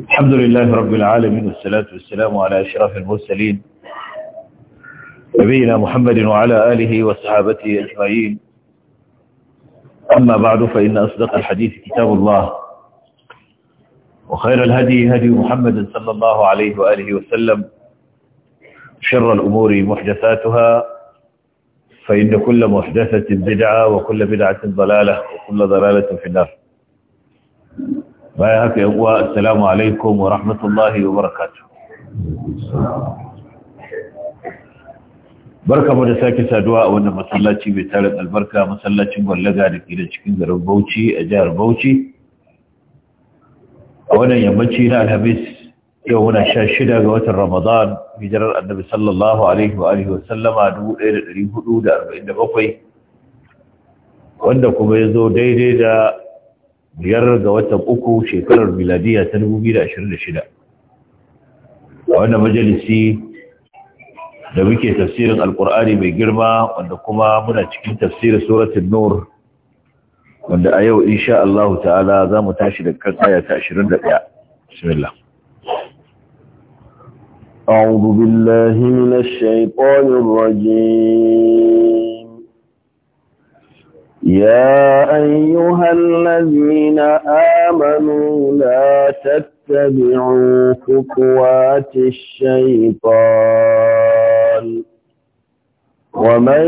الحمد لله رب العالمين والصلاة والسلام على أشرف المرسلين نبينا محمد وعلى آله وصحابته أجمعين أما بعد فإن أصدق الحديث كتاب الله وخير الهدي هدي محمد صلى الله عليه وآله وسلم شر الأمور محدثاتها فإن كل محدثة بدعة وكل بدعة ضلالة وكل ضلالة في النار بايهاك يقوى السلام عليكم ورحمة الله وبركاته barka mu da sake saduwa a wannan masallaci mai tarin albarka masallacin gwallaga da ke da cikin garin Bauchi a jihar Bauchi a wannan yammaci na Alhamis yau muna sha shida ga watan Ramadan, hijirar annabi sallallahu Alaihi wa Alaihi wasallama bakwai. wanda kuma ya zo daidai da biyar ga watan uku shekarar miladiya ta 2026. A wannan majalisi da muke tafsirin Alƙur'ani mai girma wanda kuma muna cikin tafsirin Suratun Nur, wanda a yau, insha Allah ta'ala za mu tashi da kan aya ta 21. Bismillah. أعوذ بالله من الشيطان الرجيم يا أيها الذين آمنوا لا تتبعوا خطوات الشيطان ومن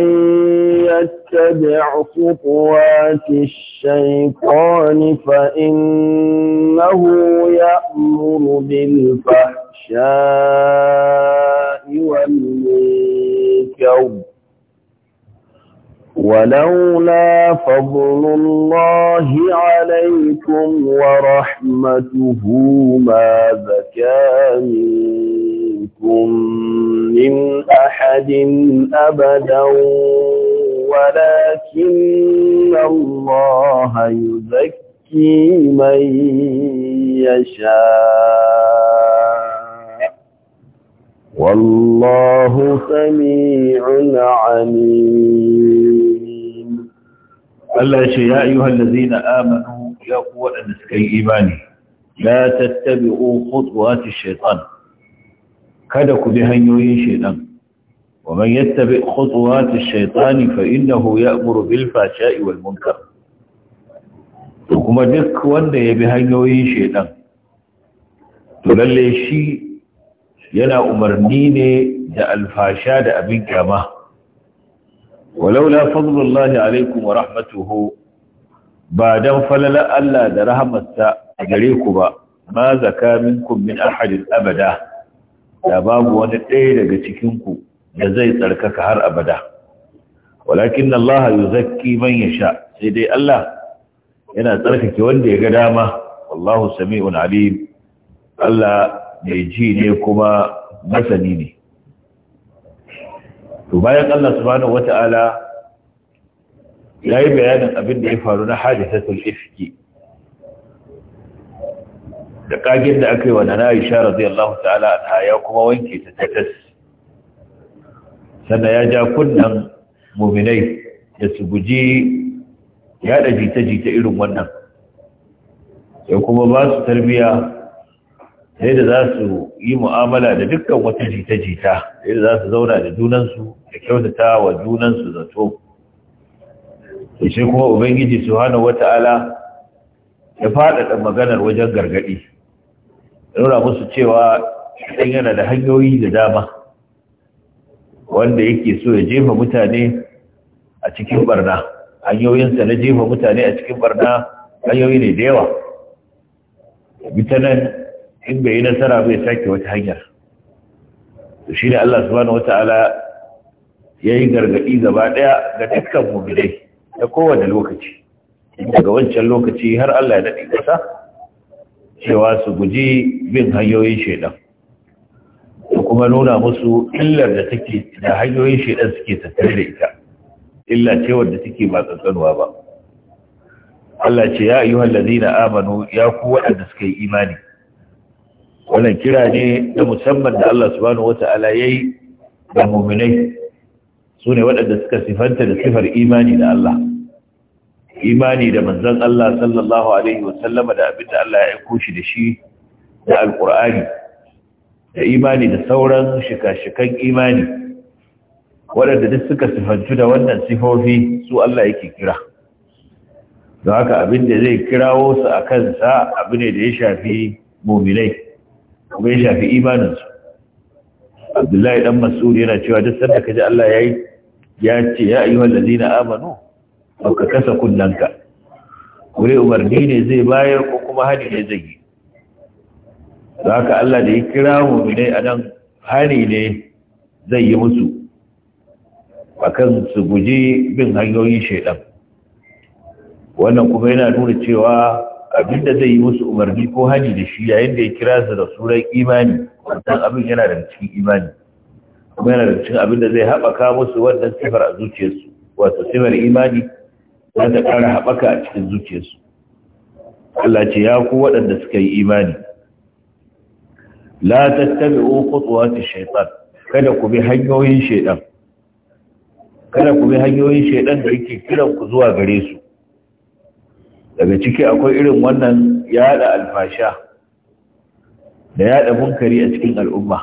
يتبع خطوات الشيطان فإنه يأمر بالفحش والمنكر ولولا فضل الله عليكم ورحمته ما زكى منكم من أحد أبدا ولكن الله يزكي من يشاء والله سميع عليم الله يا أيها الذين آمنوا يا قوة نسكي إيماني لا تتبعوا خطوات الشيطان كدك بهنيوين شيطان ومن يتبع خطوات الشيطان فإنه يأمر بالفحشاء والمنكر وكما دك وانده بهنيوين شيطان تلالي شيء yana umarni ne da alfasha da abin kyama walaula fadlullahi alaikum wa rahmatuhu ba dan falala Allah da rahmatsa a gare ku ba ma zaka minkum min ahadin abada da babu wani ɗaya daga cikin ku da zai tsarkaka har abada walakin Allah yuzakki man yasha sai dai Allah yana tsarkake wanda ya ga dama wallahu sami'un alim Allah mai ji ne kuma masani ne to bayan Allah subhanahu wata'ala ya yi bayanin abin da ya faru na hadisatul ifki da kagin da aka yi wa nana isha radiyallahu ta'ala anha ya kuma wanke ta ta tatas sannan ya ja kunnan muminai da su guji yada jita-jita irin wannan ya kuma ba su tarbiyya. yadda za su yi mu'amala da dukkan wata jita-jita yadda za su zauna da junansu da kyautata wa junansu zato to shi kuma ubangiji su wata wata'ala ya faɗaɗa maganar wajen gargaɗi nuna musu cewa ɗan yana da hanyoyi da dama wanda yake so ya jefa mutane a cikin barna hanyoyinsa na jefa mutane a cikin barna hanyoyi ne da yawa bi in bai yi nasara bai sake wata hanyar to shi ne Allah subhanahu wata'ala ya yi gargaɗi gaba ɗaya ga dukkan mummunai da kowane lokaci daga wancan lokaci har Allah ya dade ƙasa cewa su guji bin hanyoyin shaidan da kuma nuna musu illar da take da hanyoyin shaidan suke tattare da ita illa ce wadda take ba tsantsanuwa ba Allah ce ya ayyuhallazina ladina amanu ya ku waɗanda suka yi imani wannan kira ne na musamman da Allah subhanahu wata'ala yayi ga mu'minai su ne waɗanda suka sifanta da sifar imani da Allah imani da manzon Allah sallallahu alaihi wa sallama da abin da Allah ya aika shi da shi da alqur'ani da imani da sauran shikashikan imani waɗanda duk suka sifantu da wannan sifofi su Allah yake kira don haka abin da zai kirawo su a kansa abu ne da ya shafi muminai kuma ya shafi imaninsu abdullahi dan mas'ud yana cewa duk sanda ka ji Allah yayi ya ce ya ayyuhal ladina amanu ka kasa kullanka wuri umarni ne zai bayar ko kuma hani ne zai yi haka Allah da ya kira a nan hani ne zai yi musu akan su guji bin hanyoyin shaidan wannan kuma yana nuna cewa abinda zai yi musu umarni ko hani da shi yayin da ya kira su da surar imani wannan abin yana da cikin imani kuma yana da cikin abinda zai haɓaka musu wannan sifar a zuciyarsu wato sifar imani za ta ƙara haɓaka a cikin zuciyarsu Allah ce ya ku waɗanda suka yi imani la tattabi'u khutuwati shaytan kada ku bi hanyoyin shaytan kada ku bi hanyoyin shaytan da yake kiran ku zuwa gare su daga ciki akwai irin wannan yada alfasha da yada munkari a cikin al'umma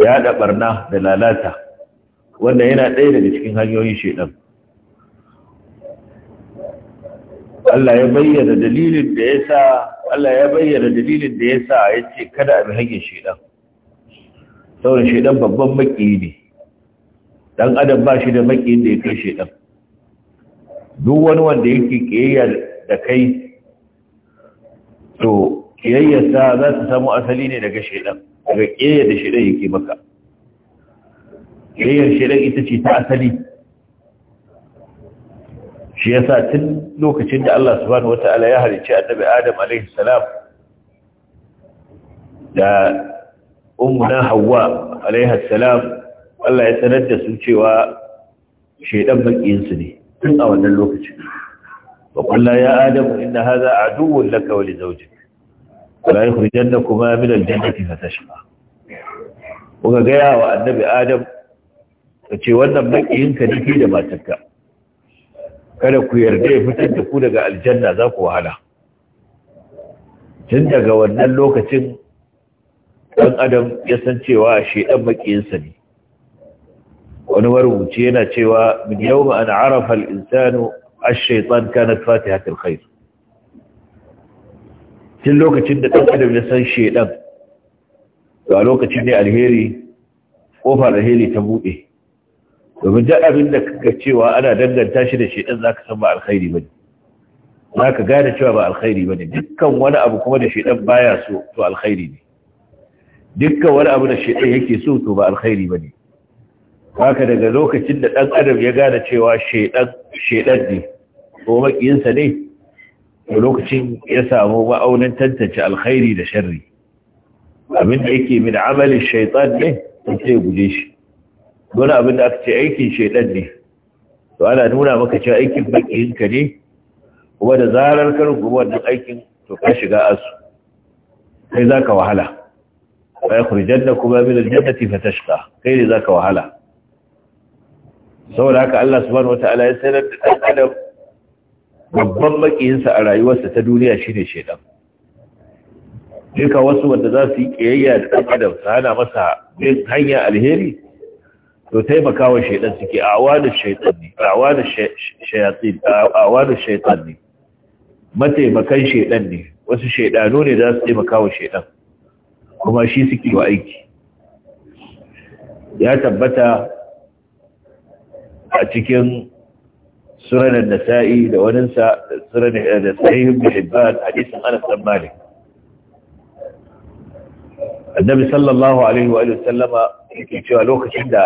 yada barna da lalata wanda yana ɗaya daga cikin hanyoyin shedan Allah ya bayyana dalilin da yasa sa Allah ya bayyana dalilin da yasa yace kada a bi hanyar shedan saboda shedan babban maki ne dan adam ba shi da makiyin da ya kai shedan duk wani wanda yake kiyaye da kai to kiyayyarsa za ta samu asali ne daga shaidan daga kiyayyar da shaidan yake maka kiyayyar shaidan ita ce ta asali shi yasa tun lokacin da Allah subhanahu wata'ala ya halicci annabi Adam alaihi da ummuna Hawwa alaihi salam Allah ya sanar da su cewa shaidan bakin su ne tun a wannan lokacin وقلنا يا آدم إن هذا عدو لك ولزوجك ولا يخرجنكما من الجنة فتشقى وقال والنبي آدم ce wannan makiyinka ne da matarka kada ku yarda ya fitar da ku daga aljanna za ku wahala tun daga wannan lokacin ɗan adam ya san cewa shi ɗan makiyinsa ne wani marubuci yana cewa min yau ma'an arafa al'insanu ash-shaytan kanat fatihatul khair tun lokacin da ɗan adam ya san shaidan to a lokacin ne alheri ƙofar alheri ta buɗe domin duk abin da kaga cewa ana danganta shi da shaidan zaka san ba alkhairi bane zaka gane cewa ba alkhairi bane dukkan wani abu kuma da shaidan baya so to alkhairi ne dukkan wani abu da shaidan yake so to ba alkhairi bane haka daga lokacin da ɗan adam ya gane cewa shaidan shedar ne ko makiyinsa ne lokacin ya samu ma'aunin tantance alkhairi da sharri abin da yake min amalin shaitan ne sai ce guje shi Don abin da aka ce aikin shaitan ne to ana nuna maka cewa aikin makiyinka ne kuma da zarar ka rubu wannan aikin to ka shiga asu kai za ka wahala wa ya kuma fatashqa kai ne za ka wahala saboda haka Allah subhanahu wataala ya sanar da ɗan adam babban makiyinsa a rayuwarsa ta duniya shine shedan duka wasu wanda za su yi kiyayya da ɗan adam su hana masa bin hanya alheri to taimakawa shaidan suke a shaidan ne ne mataimakan shaidan ne wasu shaidanu ne za su taimaka wa shaidan kuma shi suke wa aiki ya tabbata a cikin sunan nasa'i da waninsa sunan eh, da sahihin bihibban hadisin anas dan malik annabi sallallahu alaihi wa sallama yake cewa lokacin da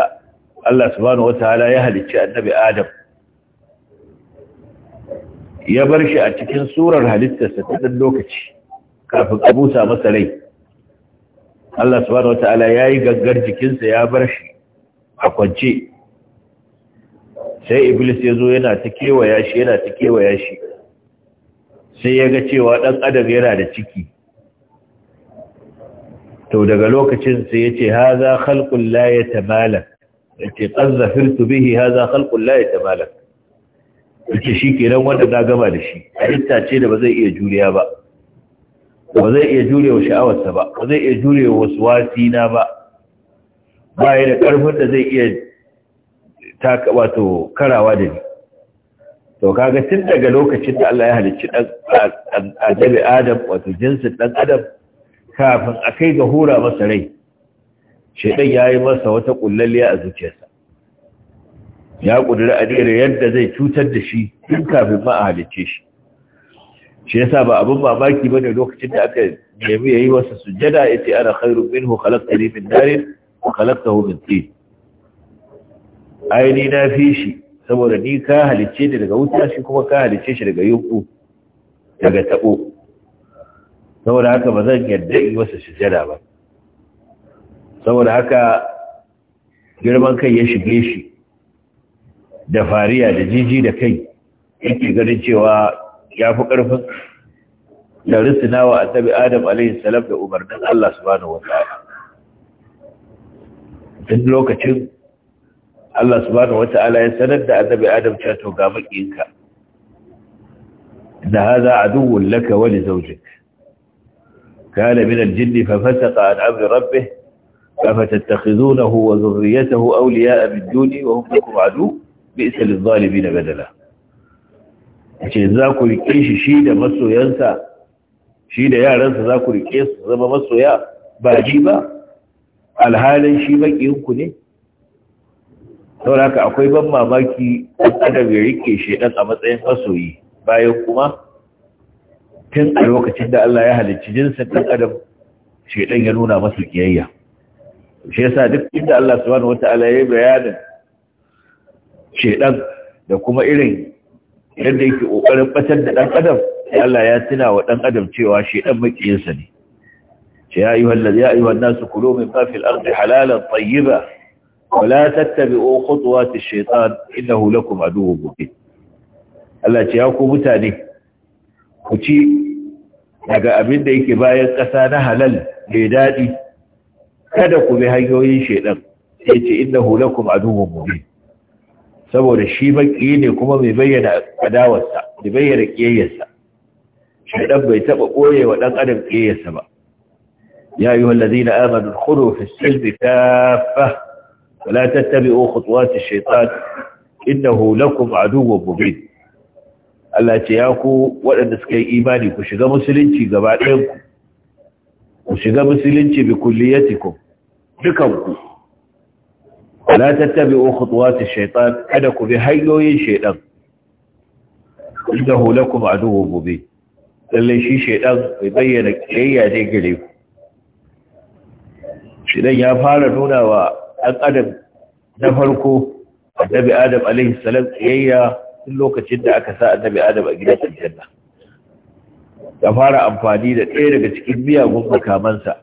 Allah subhanahu wataala ya halicci annabi adam ya bar shi a cikin surar halittarsa ta ɗan lokaci kafin a busa masa rai Allah subhanahu wataala ya yi gangar jikinsa ya bar shi a kwance sai iblis ya zo yana ta kewaya shi yana ta kewaya shi sai ya ga cewa ɗan adam yana da ciki to daga lokacin sai ya ce haza khalqul la yatamalak yace firtu bihi haza khalqul la shi yace nan wanda na gama da shi halitta ce da ba zai iya juriya ba ba zai iya jurewa sha'awarsa ba ba zai iya jurewa wasu wasina ba ba ya da karfin da zai iya ta wato karawa da ni to kaga tun daga lokacin da Allah ya halicci dan adabi adam wato jinsin dan adam kafin a kai ga hura masa rai shedan yayi masa wata kullalliya a zuciyarsa ya kudura adira yadda zai cutar da shi tun kafin ma a halicce shi shi yasa ba abin mamaki bane lokacin da aka nemi yayi masa sujada yace ana khairu minhu khalaqtani min narin wa khalaqtahu min tin ai ni na fi shi saboda ni ka halicce ni daga wuta shi kuma ka halicce shi daga yunku daga tabo saboda haka ba zan yadda yi masa sujada ba saboda haka girman kai ya shige shi da fariya da jiji da kai yake ganin cewa ya fi ƙarfin da rissina wa annabi adam alaihi salam da umarnin Allah subhanahu wa ta'ala duk lokacin Allah subhanahu wata'ala ya sanar da annabi Adam cewa to ga makiyinka da hadha aduwwun laka wa li zawjik kana min al-jinni fa fasaqa an amri rabbih afatattakhizunahu wa dhurriyyatahu awliya'a min duni wa hum lakum adu bi'sa lidh-dhalimin badala ce za ku rike shi shi da masoyansa shi da yaransa za ku rike su zama masoya ba ji ba alhalin shi makiyinku ne saboda haka akwai ban mamaki ɗan adam ya riƙe shaidan a matsayin masoyi bayan kuma tun a lokacin da Allah ya halicci jinsin ɗan adam shaidan ya nuna masa kiyayya shi yasa duk inda Allah subhanahu wata'ala ya yi bayanin shaidan da kuma irin yadda yake kokarin batar da dan adam Allah ya tuna wa dan adam cewa shaidan makiyinsa ne ce ya yi wannan ya ayyuhan nas min fafil halalan tayyiba wala tattabi'u khutuwati shaytan innahu lakum aduwwun mubin Allah ce ya ku mutane ku ci daga abin da yake bayan ƙasa na halal mai daɗi kada ku bi hanyoyin shaytan sai ce kuma a aduwwun mubin saboda shi baƙi ne kuma mai bayyana adawarsa da bayyana ƙiyayyarsa. shaytan bai taɓa koye wa dan adam ƙiyayyarsa ba ya ayyuhallazina amanu khudhu fis silmi kaffa ولا تتبعوا خطوات الشيطان إنه لكم عدو مبين Allah ce ya ku waɗanda suka yi imani ku shiga musulunci gaba ɗayanku ku shiga musulunci bi kulliyatikum dukanku la tattabi'u khutuwatish shaitan kada ku bi hanyoyin shaytan innahu a duhu gobe, lalle shi shaidan bai bayyana kiyayya ne gare ku shaytan ya fara nuna wa ɗan adam na farko annabi adam alaihi salam tsayayya tun lokacin da aka sa annabi adam a gidan aljanna ya fara amfani da ɗaya daga cikin miyagun makamansa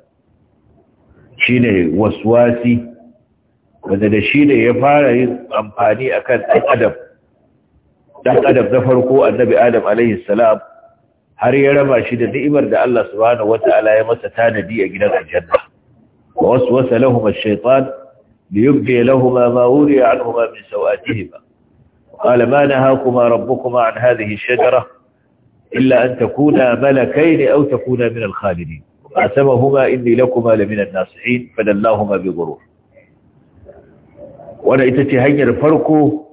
shine waswasi wanda da shi ne ya fara yin amfani akan ɗan adam ɗan adam na farko annabi adam alaihi salam har ya raba shi da ni'imar da Allah subhanahu wata'ala ya masa tanadi a gidan aljanna wa waswasa lahum ash-shaytan ليبدي لهما ما وري عنهما من سوآتهما قال ما نهاكما ربكما عن هذه الشجرة إلا أن تكونا ملكين أو تكونا من الخالدين وقاسمهما إني لكما لمن الناصحين فدلاهما بغرور وأنا إتتي هنجر فرقه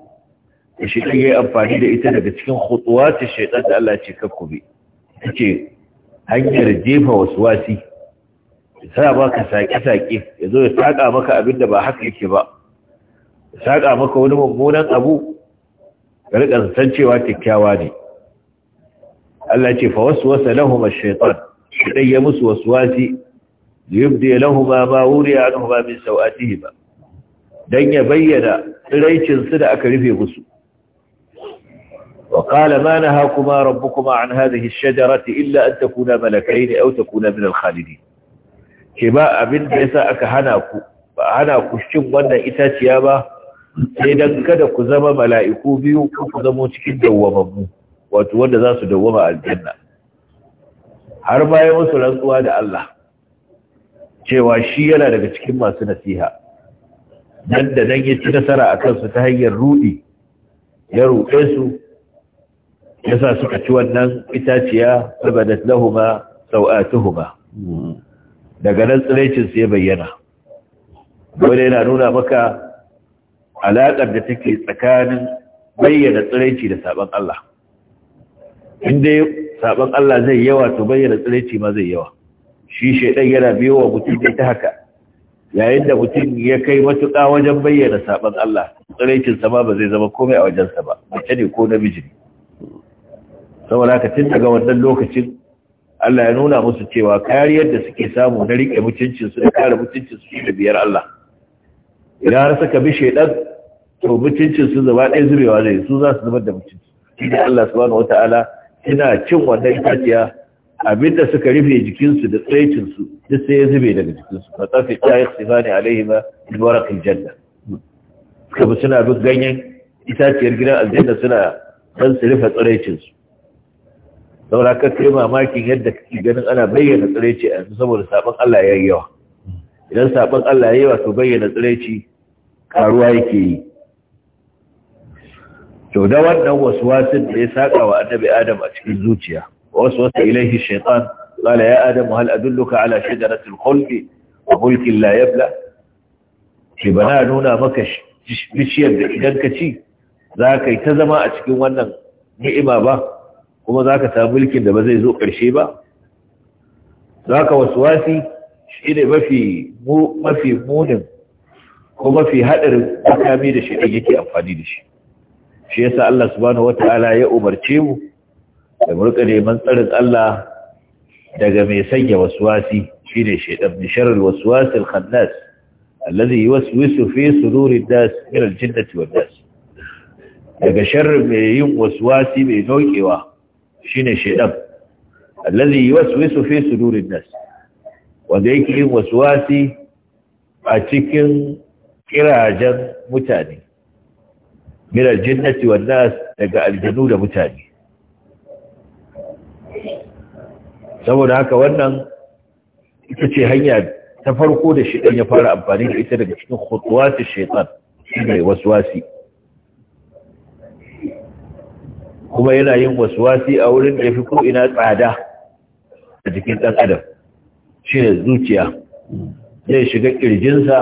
الشيطان يأي أنفاني لإتنا بتكين خطوات الشيطان الله يتككو بي إتتي هنجر جيفة وسواسي sa baka sake-sake ya zo ya saƙa maka abin da ba haka yake ba ya saƙa maka wani mummunan abu ka riƙa san cewa kyakkyawa ne Allah ce fa wasu wasa lahum ash-shaytan idan ya musu wasu wasi, da ya lahum ma wuri wuriya anhum min sawatihim dan ya bayyana tsiraicin da aka rufe musu وقال ما نهاكما ربكما عن هذه الشجرة إلا أن تكونا ملكين أو تكونا من الخالدين Ke ba abin da ya sa aka hana ku ba hana ku cin wannan itaciya ba sai dan kada ku zama mala'iku biyu ko ku zama cikin dawwamammu wato wanda za su dawwama aljanna har bayan wasu rantsuwa da Allah cewa shi yana daga cikin masu nasiha nan da nan ya ci nasara a kansu ta hanyar ruɗi ya ruɗe su ya sa suka ci wannan itaciya saboda lahuma sau'atuhuma hmm. daga nan tsiraicin sai bayyana dole yana nuna maka alaƙar da take tsakanin bayyana tsiraici da saɓon Allah inda saɓon Allah zai yawa to bayyana tsiraici ma zai yawa shi shaidan yana biyo wa mutum ta haka yayin da mutum ya kai matuƙa wajen bayyana saban Allah tsiraicinsa ma ba zai zama komai a wajensa ba mace ne ko namiji ne saboda haka tun daga wannan lokacin Allah ya nuna musu cewa kariyar da suke samu na riƙe mutuncinsu da kare mutuncinsu shi da biyar Allah idan har suka bi shaidan to mutuncinsu zaba ɗaya zubewa zai su za su zubar da mutunci shi Allah subhanahu wataala ina cin wannan itaciya abinda suka rufe jikinsu da tsaicinsu duk sai ya zube daga jikinsu ba tsafi ta yi sifani alaihima da barakin janna suka bi suna bin ganyen itaciyar gidan aljanna suna don su rufe tsiraicinsu saboda ka kai mamakin yadda kake ganin ana bayyana tsiraici a saboda sabon Allah ya yi yawa idan sabon Allah ya yi yawa to bayyana tsiraici karuwa yake yi to da wannan waswasin da ya saka wa annabi Adam a cikin zuciya waswasa ilaihi shaytan qala ya adam hal adulluka ala shajarati al wa mulkin la yabla shi bana nuna maka bishiyar da idan ka ci za ka yi ta zama a cikin wannan ni'ima ba kuma za ka samu mulkin da ba zai zo ƙarshe ba za ka wasi shi ne mafi munin ko mafi haɗarin makami da shi ne yake amfani da shi shi yasa Allah subhanahu wa Ta'ala ya umarce mu da murka neman tsarin Allah daga mai sanya waswasi shine shaytan min sharril al khannas alladhi yuwaswisu fi sudurin nas min jinnati wan nas daga sharrin mai yin waswasi mai dokewa shine shedan allazi yuwaswisu fi sudurin nas wanda yake yin waswasi a cikin kirajen mutane min jinnati wan nas daga aljanu da mutane saboda haka wannan ita ce hanya ta farko da shedan ya fara amfani da ita daga cikin khutuwat shaytan shine waswasi kuma yana yin waswasi a wurin da yafi ko ina tsada a jikin ɗan adam shine zuciya zai shiga kirjinsa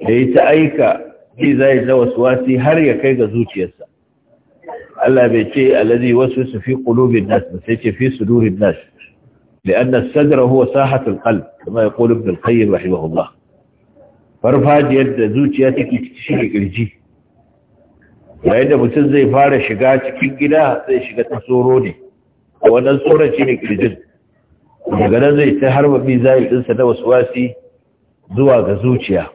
da yi ta aika zai zai da waswasi har ya kai ga zuciyarsa Allah bai ce wasu su fi ƙulubin nas sai ce fi durin nas لأن الصدر هو ساحة القلب كما يقول ابن القيم رحمه الله farfajiyar da zuciya take cikin kirji yayin da mutum zai fara shiga cikin gida zai shiga ta tsoro ne wannan tsoron shi ne kirjin daga nan zai ta harba zai ɗinsa na wasu wasi zuwa ga zuciya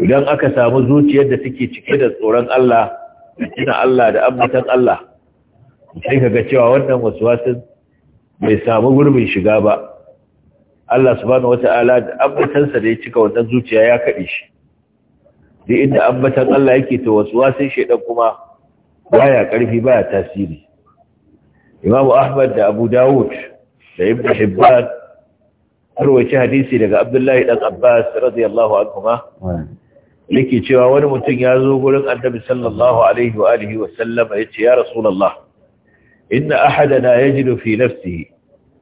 idan aka samu zuciyar da take cike da tsoron Allah da tuna Allah da ambatan Allah sai ka ga cewa wannan wasu wasin bai samu gurbin shiga ba Allah subhanahu wata'ala da ambatansa da ya cika wannan zuciya ya kaɗe shi da inda ambatan Allah yake to waswasin shaidan kuma baya karfi baya tasiri Imam Ahmad da Abu Dawud da Ibn Hibban arwaci hadisi daga Abdullahi dan Abbas radiyallahu anhuma yake cewa wani mutum ya zo gurin Annabi sallallahu alaihi wa alihi wa sallama yace ya Rasulullah inna ahadana yajidu fi nafsihi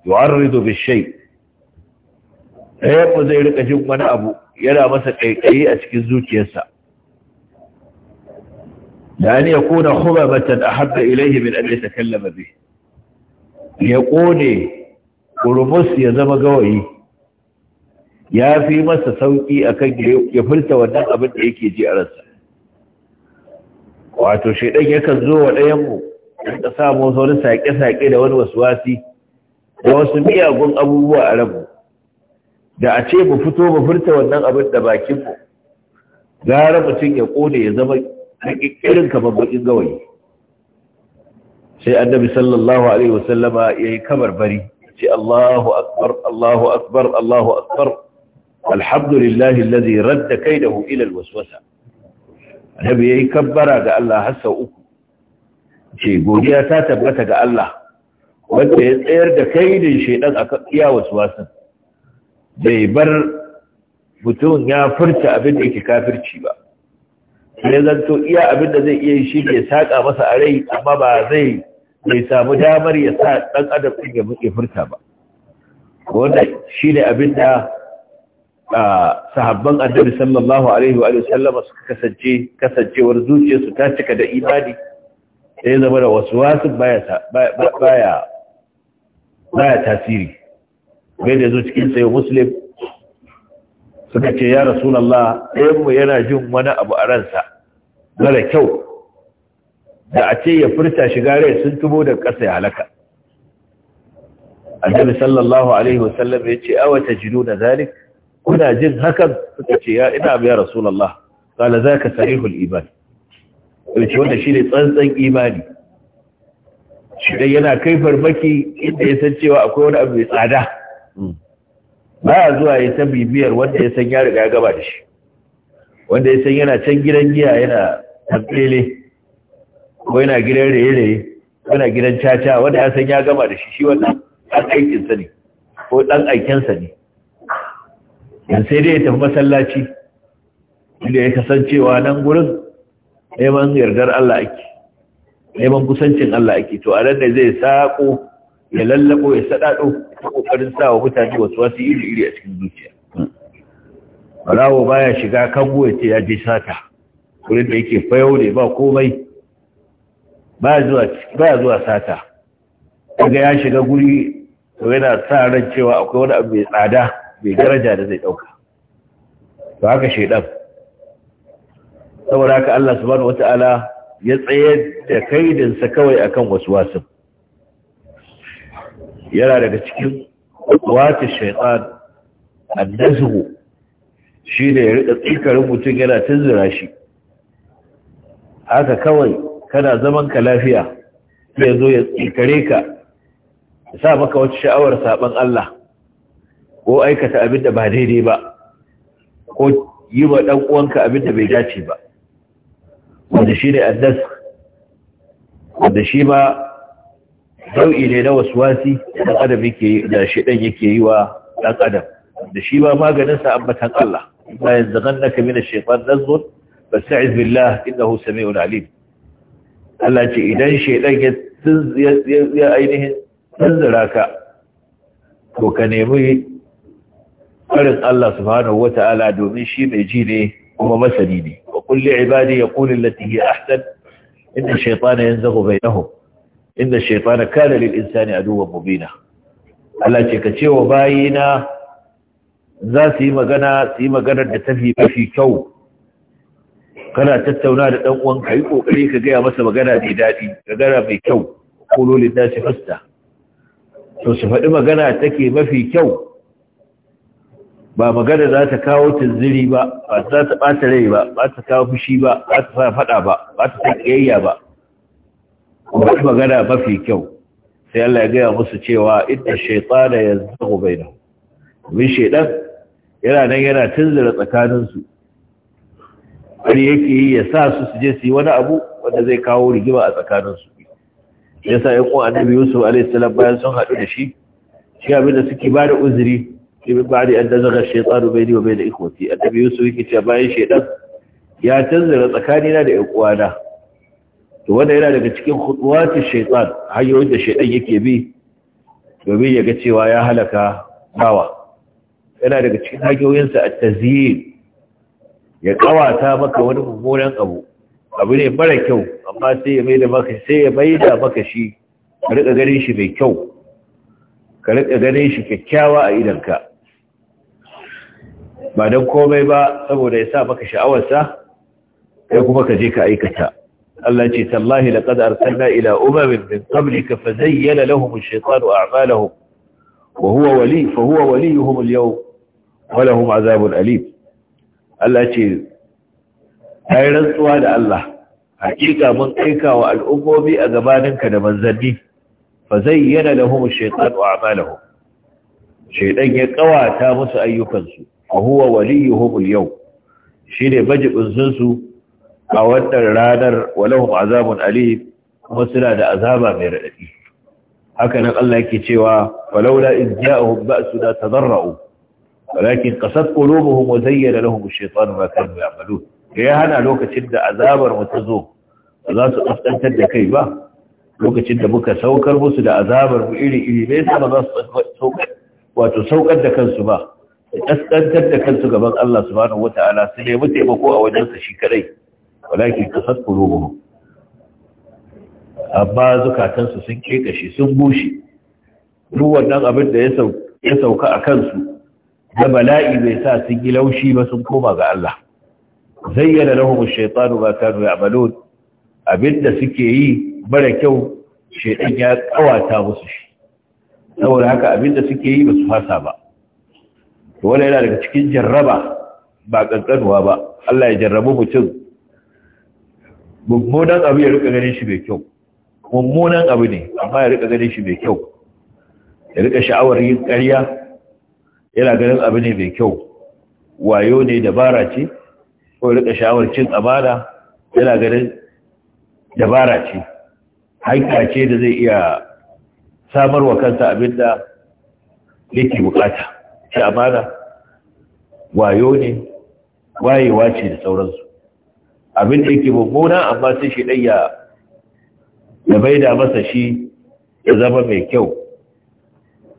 yu'arridu bish-shay' ɗayan zai rika jin wani abu yana masa ƙaiƙayi a cikin zuciyarsa لأن يكون خببة أحب إليه من أن يتكلم به يقول قرمس يزم قوي يا في مسا سوقي أكن يفلت ودن أبن إيكي جي أرسل وعطو shaidan yakan zo wa ɗayanmu ka samu wani saƙe-saƙe da wani wasuwasi da wasu miyagun abubuwa da a ce mu fito mu furta wannan abin da bakinmu gara mutum ya ƙone ya zama hakikirin kamar bakin gawayi sai annabi sallallahu alaihi wasallama yayi bari. ce Allahu akbar Allahu akbar Allahu akbar alhamdulillahi alladhi radda kaidahu ila alwaswasa annabi yayi kabbara ga Allah har uku ce godiya ta tabbata ga Allah wanda ya tsayar da kai kaidin shedan akan iya waswasan bai bar mutum ya furta abin da yake kafirci ba zan zanto iya abin da zai iya shi ne saƙa masa a rai amma ba zai mai samu damar ya sa ɗan adam ɗin ya muke furta ba wanda shi ne abin da sahabban annabi sallallahu alaihi wa sallama suka kasance kasancewar zuciyarsu ta cika da imani ya zama da wasu wasu baya baya tasiri bai da zo cikin sayo muslim suka ce ya rasulallah ɗayanmu yana jin wani abu a ransa mara kyau da a ce ya furta shiga rai sun tubo da ƙasa ya halaka annabi sallallahu alaihi wasallam ya ce awata jidu na da zalik kuna jin hakan suka ce ya ina biya rasulallah kala za ka sahihul iman ce wanda shi ne tsantsan imani shi dai yana kai farmaki inda ya san cewa akwai wani abu mai tsada baya zuwa ya san bibiyar wanda ya san ya riga ya gaba da shi wanda ya san yana can gidan giya yana tafele ko yana gidan raye-raye ko yana gidan caca wanda ya san ya gaba da shi shi wannan ɗan aikinsa ne ko ɗan aikensa ne yan sai dai ya tafi masallaci inda ya kasancewa nan gurin neman yardar Allah ake neman kusancin Allah ake to a nan ne zai saƙo ya lallabo ya sadado ta kokarin sa wa mutane wasu wasu iri iri a cikin zuciya barawo baya shiga kango ya ce ya je sata wurin da yake fayau ne ba komai baya zuwa sata daga ya shiga guri yana sa ran cewa akwai wani abu mai tsada mai daraja da zai dauka to haka shaidan saboda haka Allah subhanahu wata'ala ya tsaye da kaidinsa kawai akan wasu wasu yana daga cikin wata shaitan annazuhu shi ne ya riƙa tsikarin mutum yana tunzura shi haka kawai kana zaman ka lafiya ya zo ya tsikare ka ya sa maka wata sha'awar saban Allah ko aikata abin da ba daidai ba ko yi wa ɗan uwanka abin da bai dace ba wanda shi ne annas wanda shi ma nau'i ne na waswasi ɗan adam yake da shi ɗan yake yi wa ɗan adam da shi ba maganin sa ambatan Allah ba yanzu zagan na kamina shekwan nazgun ba billah innahu samiu alim Allah ce idan shaidan ya ainihin tanzara ka to ka nemi farin Allah subhanahu wata'ala domin shi mai ji ne kuma masani ne wa kulli ibadi yaqulu allati hi ahsan inna ash-shaytana yanzaghu bainahum inda shaitana kare lil insani aduwwan mubina Allah ce ka ce wa bayina za su yi magana su yi maganar da tafi mafi kyau kana tattauna da dan uwan kai kokari ka gaya masa magana mai dadi magana mai kyau qulu lil nasi fasta to su faɗi magana take mafi kyau ba magana za ta kawo tunziri ba ba za ta ɓata rai ba ba ta kawo fushi ba ba ta faɗa ba ba ta kiyayya ba wani magana mafi kyau sai Allah ya gaya musu cewa inda shaitana ya zago bai da domin shaitan yana nan yana tunzura tsakaninsu wani yake yi ya sa su su je su yi wani abu wanda zai kawo rigima a tsakaninsu ya sa yankun annabi yusuf alaihissalam bayan sun haɗu da shi shi abin da suke ba da uzuri shi bin ba'adi an da zaga shaitanu bai ne wa bai da ikoti. annabi yusuf yake cewa bayan shaidan, ya tunzura tsakanina da ƴan uwana to wanda yana daga cikin hutuwati shaytan hanyoyin da shaytan yake bi domin ya ga cewa ya halaka bawa yana daga cikin hanyoyinsa a tazyin ya kawata maka wani mummunan abu abu ne mara kyau amma sai ya maida maka sai ya maida maka shi ka rika ganin shi mai kyau ka rika ganin shi kyakkyawa a idanka ba dan komai ba saboda ya sa maka sha'awarsa sai kuma ka je ka aikata Allah ce tallahi laqad arsalna ila umamin min qablika fazayyana lahum ash-shaytanu a'malahum wa huwa wali fa huwa waliyuhum al-yawm wa Allah ce ai rantsuwa da Allah hakika mun aika wa al'ummomi a gabaninka da manzanni fazayyana lahum ash-shaytanu a'malahum ya ƙawata musu ayyukansu wa huwa shine majibin su a wannan ranar walahum azabun alim kuma suna da azaba mai raɗaɗi haka nan Allah yake cewa walaula in ja'ahum ba'suna tadarra'u walakin qasat qulubuhum wa zayyana lahum ash-shaytanu ma kanu ya'malun ya hana lokacin da azabar mu ta zo za su kaskantar da kai ba lokacin da muka saukar musu da azabar mu iri iri ne sama za su saukar wato saukar da kansu ba kaskantar da kansu gaban Allah subhanahu wataala su nemi taimako a wajensa shi kadai walakin kasat qulubuhum amma zukatansu sun kekashe sun bushe duk wannan abin da ya sauka a kansu da bala'i bai sa sun yi laushi ba sun koma ga Allah zayyana lahum ash-shaytanu ma kanu ya'malun abinda suke yi mara kyau shaytan ya kawata musu shi saboda haka abinda suke yi ba su fasa ba to wala yana daga cikin jarraba ba kankanuwa ba Allah ya jarrabu mutum mummunan abu ya rika ganin shi mai kyau mummunan abu ne amma ya rika ganin shi mai kyau ya rika sha'awar yin ƙarya yana ganin abu ne mai kyau wayo ne dabara ce ko ya rika sha'awar cin amana yana ganin dabara ce haika ce da zai iya samar wa kansa abin da yake bukata shi amana wayo ne wayewa ce da sauransu abin da yake mummuna amma sai shi dai ya ya baida masa shi ya zama mai kyau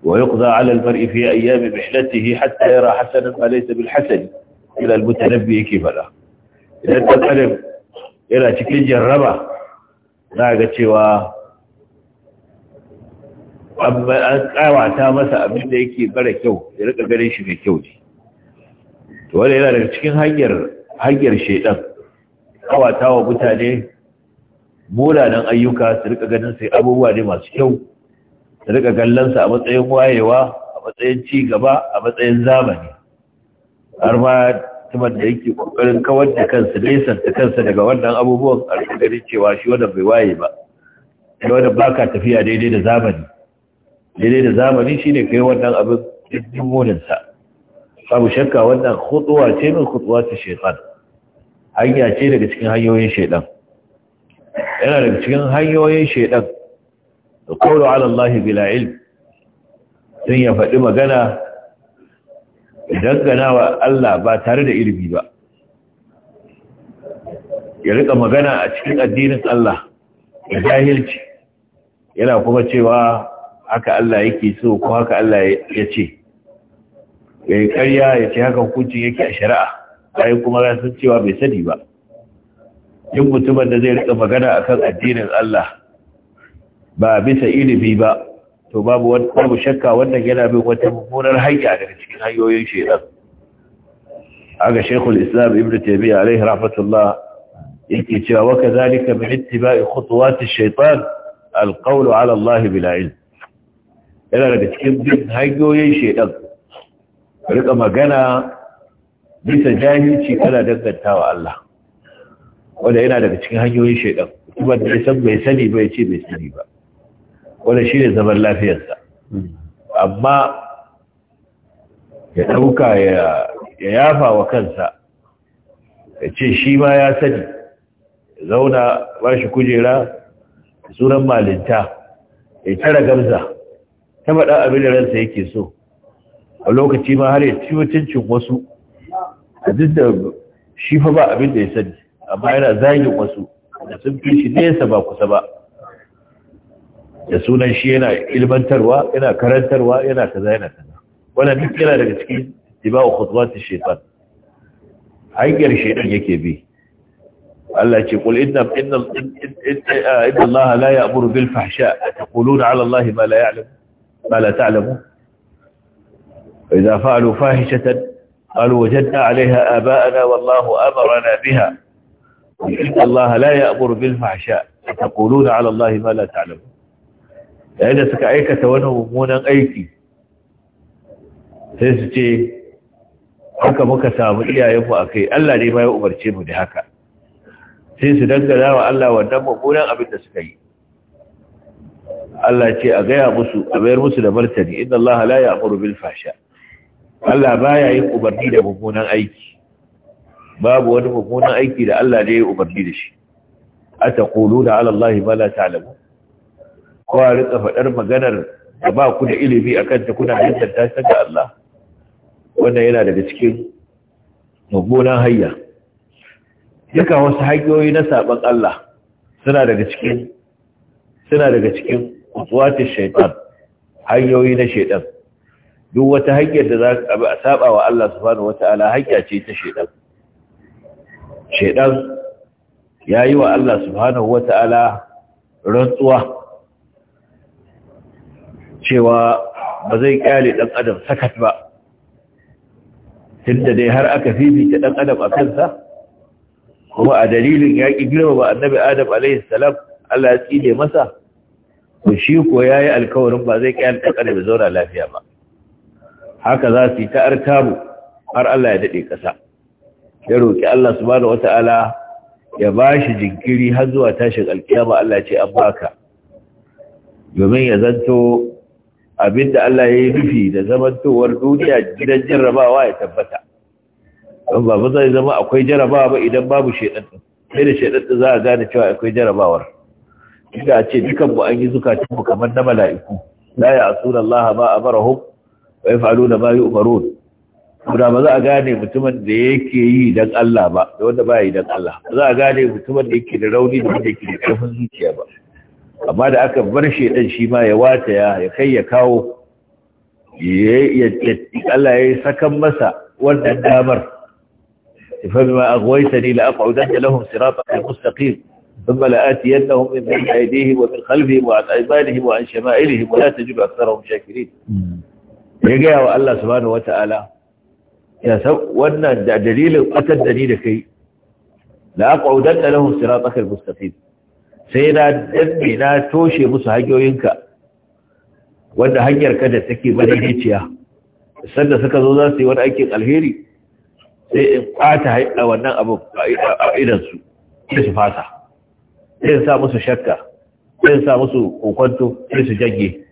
wa yuqza ala al mar'i fi ayyami mihlatihi hatta yara hasanan laysa bil hasan ila al mutanabbi yake fada idan dan kare yana cikin jarraba za ga cewa amma an kawata masa abin da yake bara kyau ya rika ganin shi mai kyau ne to wanda yana daga cikin hanyar hanyar shedan kawata wa mutane munanan ayyuka su rika ganin sai abubuwa ne masu kyau su rika gallansa a matsayin wayewa a matsayin ci gaba a matsayin zamani har ma tumar da yake kokarin kawar da kansa ta kansa daga wannan abubuwan a rika ganin cewa shi wanda bai waye ba shi ba baka tafiya daidai da zamani daidai da zamani shine kai wannan abin cikin muninsa babu shakka wannan khutuwa ce min khutuwa ta shekaru hanya ce daga cikin hanyoyin shaidan yana daga cikin hanyoyin shaidan da kowar ala Allah bila ilm sun ya faɗi magana dangana wa Allah ba tare da ilimi ba ya rika magana a cikin addinin Allah da jahilci yana kuma cewa haka Allah yake so ko haka Allah ya ce ya yi ƙarya ya ce haka hukuncin yake a shari'a ai kuma ya san cewa bai sani ba yin mutumin da zai rika magana akan addinin Allah ba bisa ilimi ba to babu babu shakka wannan yana bin wata mummunar hanya daga cikin hanyoyin shedan aga shaykhul islam ibnu taymiyyah alayhi rahmatullah yake cewa wa kadhalika bi ittiba'i khutuwat ash-shaytan al-qawlu 'ala Allah bila ilm yana daga cikin bin hanyoyin shedan rika magana bisa jahilci kana wa Allah wanda yana daga cikin hanyoyin shaidan kuma da san bai sani bai ce bai sani ba wanda shi ne zaman lafiyarsa amma ya ɗauka ya yafa wa kansa ya ce shi ma ya sani zauna ba shi kujera sunan malinta ya tara gamza ta faɗa abin da ransa yake so a lokaci ma har ya ci mutuncin wasu a duk da shi fa ba abin da ya sani amma yana zagin wasu da sun fi shi nesa ba kusa ba da sunan shi yana ilmantarwa yana karantarwa yana kaza yana kaza wannan duk yana daga cikin tibau khutwat shaytan hanyar shaytan yake bi Allah ce qul inna inna inna Allah la ya'muru bil fahsha taquluna 'ala Allah ma la ya'lam ma la ta'lamu idza fa'alu fahishatan قالوا وجدنا عليها آباءنا والله أمرنا بها إن الله لا يأمر بالفحشاء تقولون على الله ما لا تعلمون yayin da suka aikata wani mummunan aiki sai su ce muka samu iyayenmu a kai Allah ne ma ya mu da haka sai su dangana wa Allah wannan mummunan abin suka yi Allah ce a gaya musu a musu da martani inna Allah la Allah baya yin umarni da mummunan aiki babu wani mummunan aiki da Allah ne ya umarni da shi ƙulu da Allah ba la ta'lamun Kowa rika faɗar maganar da ba ku da ilimi akan ta kuna hantanta ta ga Allah wannan yana daga cikin mummunan hayya duka wasu hanyoyi na saban Allah suna daga cikin suna daga cikin hanyoyi na shaidan. duk wata hanyar da za ka bi a saba wa Allah subhanahu wata'ala hanya ce ta shedan shedan yayi wa Allah subhanahu wata'ala rantsuwa cewa ba zai kyale dan adam sakat ba tunda dai har aka fifita dan adam a kansa kuma a dalilin yaƙi girma ba annabi adam alaihi salam Allah ya tsine masa to shi ko yayi alkawarin ba zai kyale dan adam ya zauna lafiya ba haka za su yi ta artabu har Allah ya daɗe ƙasa ya roƙi Allah su subhanahu wata'ala ya ba shi jinkiri har zuwa tashin alkiyama Allah ce an baka domin ya zanto abinda Allah ya yi nufi da zamantowar duniya gidan jarrabawa ya tabbata don ba zai zama akwai jarrabawa ba idan babu shaidan sai da shaidan za a gane cewa akwai jarrabawar inda a ce dukan mu an yi zukatunmu mu kamar na mala'iku la ya ba Allah ma amarahum wai faru da bayu umarun da ba za a gane mutumin da yake yi don Allah ba da wanda ba yi don Allah ba za a gane mutumin da yake da rauni da wanda yake da ƙarfin zuciya ba amma da aka bar shi ɗan shi ma ya wata ya ya kai ya kawo ya Allah ya sakan masa wannan damar فبما أغويتني لأقعدن لهم صراطك المستقيم ثم لآتينهم من بين أيديهم ومن خلفهم وعن أيمانهم وعن شمائلهم ولا تجد أكثرهم شاكرين ya gaya wa Allah subhanahu wata'ala ya san wannan da dalilin ƙasar da ni da kai la aqudanna lahum siratakal mustaqim sai na danne na toshe musu hanyoyinka wanda hanyar ka da take madaidaiciya sanda suka zo za su yi wani aikin alheri sai in ɓata a wannan abu a idansu su fasa sai sa musu shakka sai sa musu kokonto sai su janye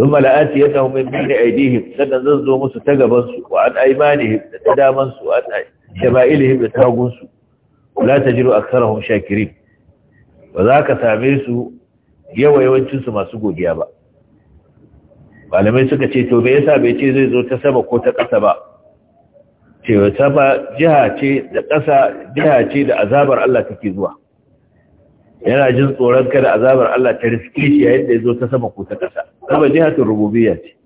ثم لآتينهم من بين أيديهم سننزل موسى تقبنسوا وعن أيمانهم تدامنسوا وعن شمائلهم يتهاجنسوا ولا تجد أكثرهم شاكرين وذاك ساميسوا yawa yawancinsu masu godiya ba malamai suka ce to me yasa bai ce zai zo ta sama ko ta ƙasa ba cewa sama jiha ce da ƙasa jiha ce da azabar Allah take zuwa yana jin tsoron kada azabar Allah ta riske shi yayin da ya zo ta sama ko ta ƙasa saba jihatul rububiyya ce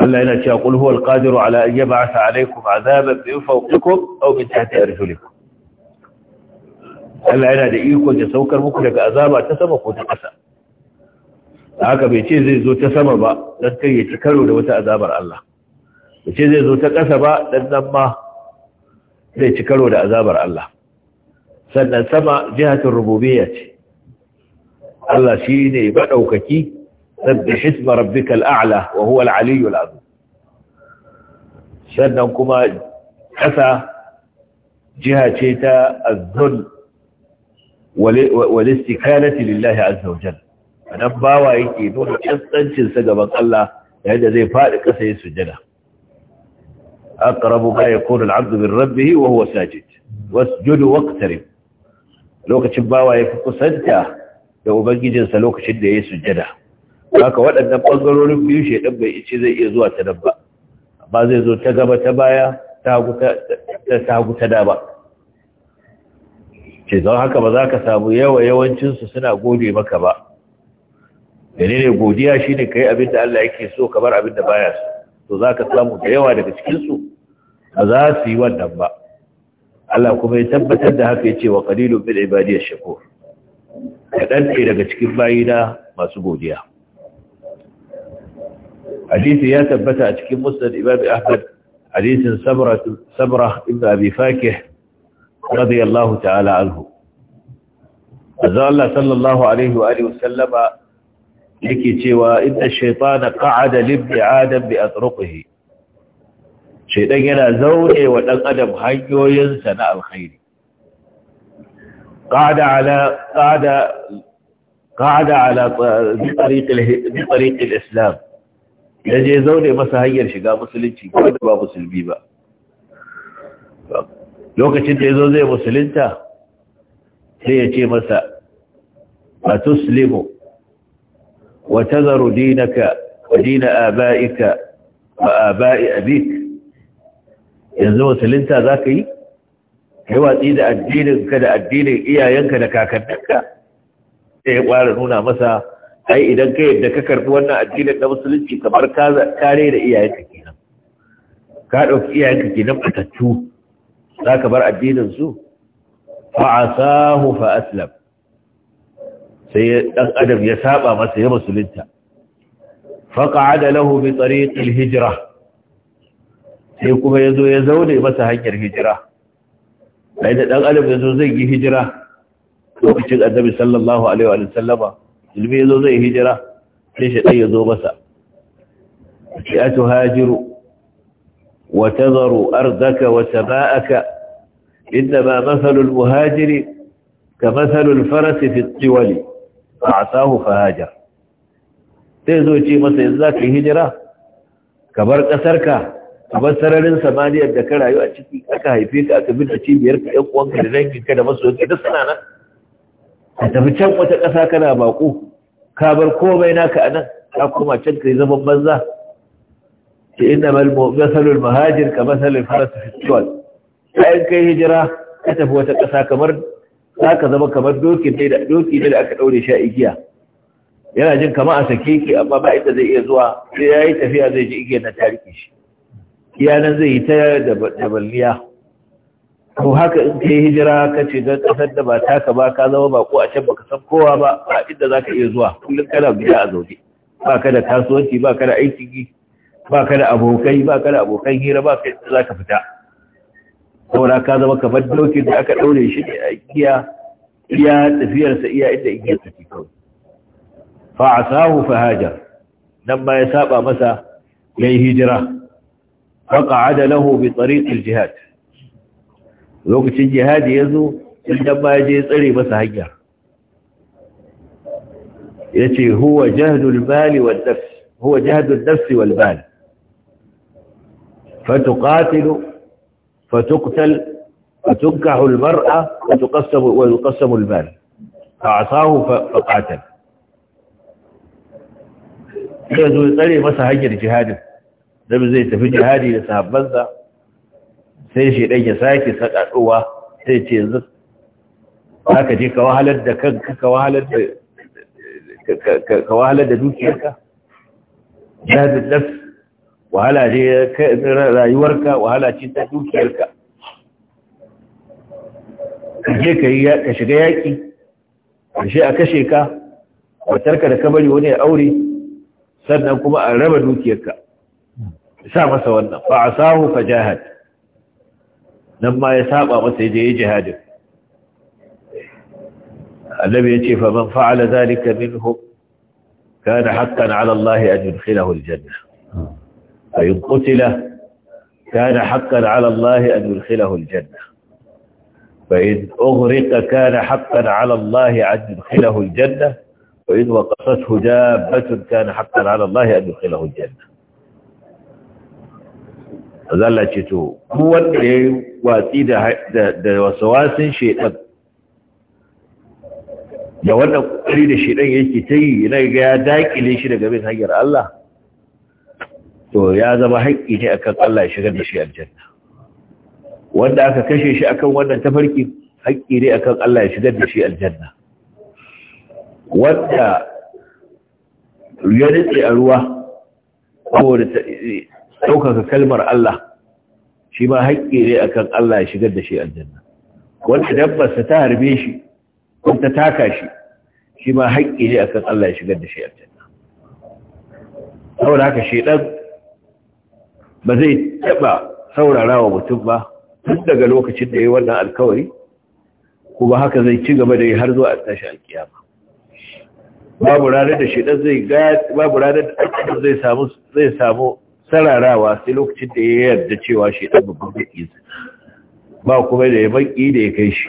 Allah yana cewa qul huwal qadiru ala an yab'atha alaykum azaban min fawqikum aw min tahti arjulikum Allah yana da iko ya saukar muku daga azaba ta sama ko ta ƙasa haka bai ce zai zo ta sama ba dan kai ya ci karo da wata azabar Allah bai ce zai zo ta ƙasa ba dan nan ma zai ci karo da azabar Allah sannan sama jihatul rububiya ce Allah shi ne maɗaukaki sabbi hisma rabbikal a'la wa huwa al-aliyyul sannan kuma ƙasa jiha ce ta azzul wal istikalati lillahi azza wa jalla anan bawa yake nuna kasancin sa gaban Allah yadda zai faɗi ƙasa ya sujada aqrabu ma yakunu al min rabbih wa huwa sajid wasjudu waqtarib lokacin bawa ya fi kusanta da ubangijinsa lokacin da ya yi sujjada haka waɗannan ɓangarorin biyu shaidan bai ice zai iya zuwa ta nan ba amma zai zo ta gaba ta baya ta hagu ta dama ce don haka ba za ka samu yawa yawancinsu suna gode maka ba Dane ne godiya shi ne ka yi abin da Allah yake so kamar abin da baya so to za ka samu da yawa daga cikinsu ba za su yi wannan ba Allah kuma ya tabbatar da haka ya ce wa qalilun min ibadiyash shakur kadan ne daga cikin bayina masu godiya hadisi ya tabbata a cikin musnad Imam Ahmad hadisin Samra ibn Abi Fakih radiyallahu ta'ala anhu azza Allah sallallahu alaihi wa alihi wasallama yake cewa inna ash-shaytana qa'ada li ibn Adam bi atraqihi shaidan yana zaune wa ɗan adam hanyoyinsa na alkhairi ƙada ala tsariƙin islam ya je zaune masa hanyar shiga musulunci ko da ba musulmi ba lokacin da ya zo zai musulunta sai ya ce masa a tuslimu wa tazaru dinaka wa dina aba'ika wa aba'i abik yanzu musulunta za ka yi kai watsi da addininka da addinin iyayenka da kakanninka sai ya ƙwara nuna masa ai idan ka yadda ka karɓi wannan addinin na musulunci kamar kare da iyayenka kenan ka ɗauki iyayenka kenan ɓatattu za ka bar addinin su fa'asahu fa'aslam sai ɗan adam ya saba masa ya musulunta faƙa'ada lahu bi tsariƙin hijira sai kuma ya zo ya zaune masa hanyar hijira a da ɗan adam ya zo zai yi hijira lokacin annabi sallallahu alaihi wa sallama ilmi ya zo zai hijira sai shi ɗan ya zo masa ya tuhajiru wa tazaru arzaka wa saba'aka إنما مثل المهاجر fahajar. Sai في الطول masa فهاجر تزوجي مثل hijira? Ka bar قصرك a sararin samaniyar da ka rayu a ciki aka haife ka aka binne cibiyar ka ƴan uwanka da danginka da masoyanka duk suna nan ka tafi can wata ƙasa kana baƙo ka bar komai naka a nan ka koma can ka yi zaman banza ta inna masalul mahajir ka masalul faras fitwal bayan kai hijira ka tafi wata ƙasa kamar za ka zama kamar doki ne da doki ne da aka ɗaure shi a igiya yana jin kama a sake ki amma ba inda zai iya zuwa sai ya yi tafiya zai ji igiyar na tariki shi yanar zai yi ta dabaliya ko haka in ka yi hijira ka ce don ƙasar da ba taka ba ka zama ba ko a can baka san kowa ba a inda za ka iya zuwa kullum kana gida a zaune ba ka da kasuwanci ba ka da aikin yi ba ka da abokai ba ka da abokan hira ba ka za ka fita saboda ka zama kamar dokin da aka ɗaure shi ne a iya iya tafiyarsa iya inda iya tafi kawai fa hajar nan ba ya saba masa ya yi hijira فقعد له بطريق الجهاد وقت الجهاد يزو عندما يجي يصري بس هيا يتي هو جهد المال والنفس هو جهد النفس والمال فتقاتل فتقتل وتنكح المرأة وتقسم ويقسم البال فعصاه فقاتل يزو يصري بس هجر جهاده zabi zai tafi jihadi da sahabbansa sai shi ɗan ya sake saɗaɗowa sai ce yanzu ka je ka wahalar da kanka ka wahalar da ka wahalar da dukiyarka jihadin nafs wahala ce rayuwarka wahala ce ta dukiyarka ka je ka shiga yaƙi shi a kashe ka matarka da kamari wani ya aure sannan kuma a raba dukiyarka إسامة ثوانا فعصاه فجاهد لما يسابع يجي جهاده النبي يجي فمن فعل ذلك منه كان حقا على الله أن يدخله الجنة فإن قتل كان حقا على الله أن يدخله الجنة فإن أغرق كان حقا على الله أن يدخله الجنة وإن وقصته جابة كان حقا على الله أن يدخله الجنة Allah ce to ku wanda ya yi watsi da wasu wasawasin shaidan. da wannan kokari da ya yake ta yi na ga ya dakile shi daga bin hanyar Allah to ya zama haƙƙi ne akan Allah ya shigar da shi aljanna wanda aka kashe shi akan wannan tafarki haƙƙi ne akan Allah ya shigar da shi aljanna wanda ya nitse a ruwa ɗaukaka kalmar Allah shi ma haƙƙi ne akan Allah ya shigar da shi aljanna wanda dabbarsa ta harbe shi wanda ta taka shi shi ma haƙƙi ne akan Allah ya shigar da shi aljanna saboda haka ɗan ba zai taɓa saurara wa mutum ba tun daga lokacin da ya yi wannan alkawari kuma haka zai ci gaba da yi har zuwa tashi alkiyama babu ranar da shedan zai ga babu ranar da zai samu zai samu sararawa sai lokacin da ya yarda cewa shi ɗan babban baƙi ba kuma da ya baƙi da ya kai shi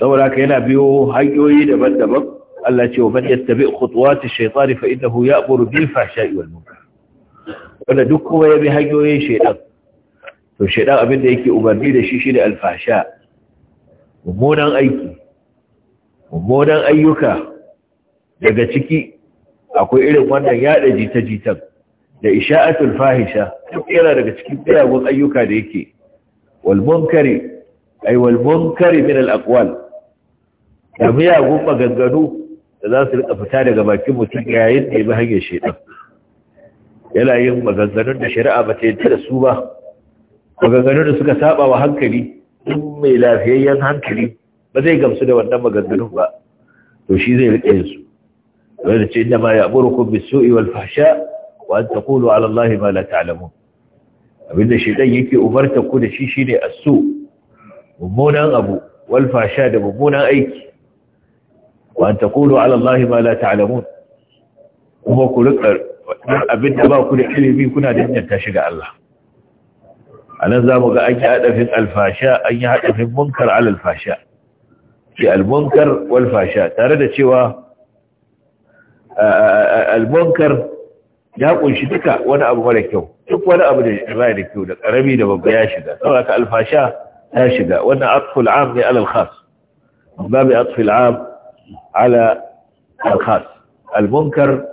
saboda ka yana biyo hanyoyi daban-daban Allah ce wa man yattabi khutuwati shaitani fa ya ya'muru bil fahsha'i iwal muka wanda duk kuma ya bi hanyoyin shaytan to shaytan abin da yake umarni da shi shi ne alfasha mummunan aiki mummunan ayyuka daga ciki akwai irin wannan yaɗa jita-jitan da isha'atul fahisha duk yana daga cikin miyagun ayyuka da yake walmunkari ai walmunkari min al aqwal da miyagun maganganu da za su rika fita daga bakin mutum yayin da ya hanyar shedan yana yin maganganun da shari'a ba ta da su ba maganganun da suka saba wa hankali in mai lafiyayyen hankali ba zai gamsu da wannan maganganun ba to shi zai riƙe su wanda ce inda ma ya'murukum bis-su'i wal-fahsha wa an taqulu 'ala ma la ta'lamun abinda shedan yake umarta ku da shi shine as mummunan abu wal da mummunan aiki wa an taqulu ma la ta'lamun kuma ku abinda ba ku da ilimi kuna da danganta shi ga Allah a nan za mu ga an yi haɗafin alfasha an yi munkar almunkar walfasha tare da cewa المنكر يا قنشي دكا وانا ابو ملكيو شوف وانا ابو ملكيو رمي دبا بياشدة طبعك الفاشاة هاشدة وانا اطفو العام على الخاص ما اطفو العام على الخاص المنكر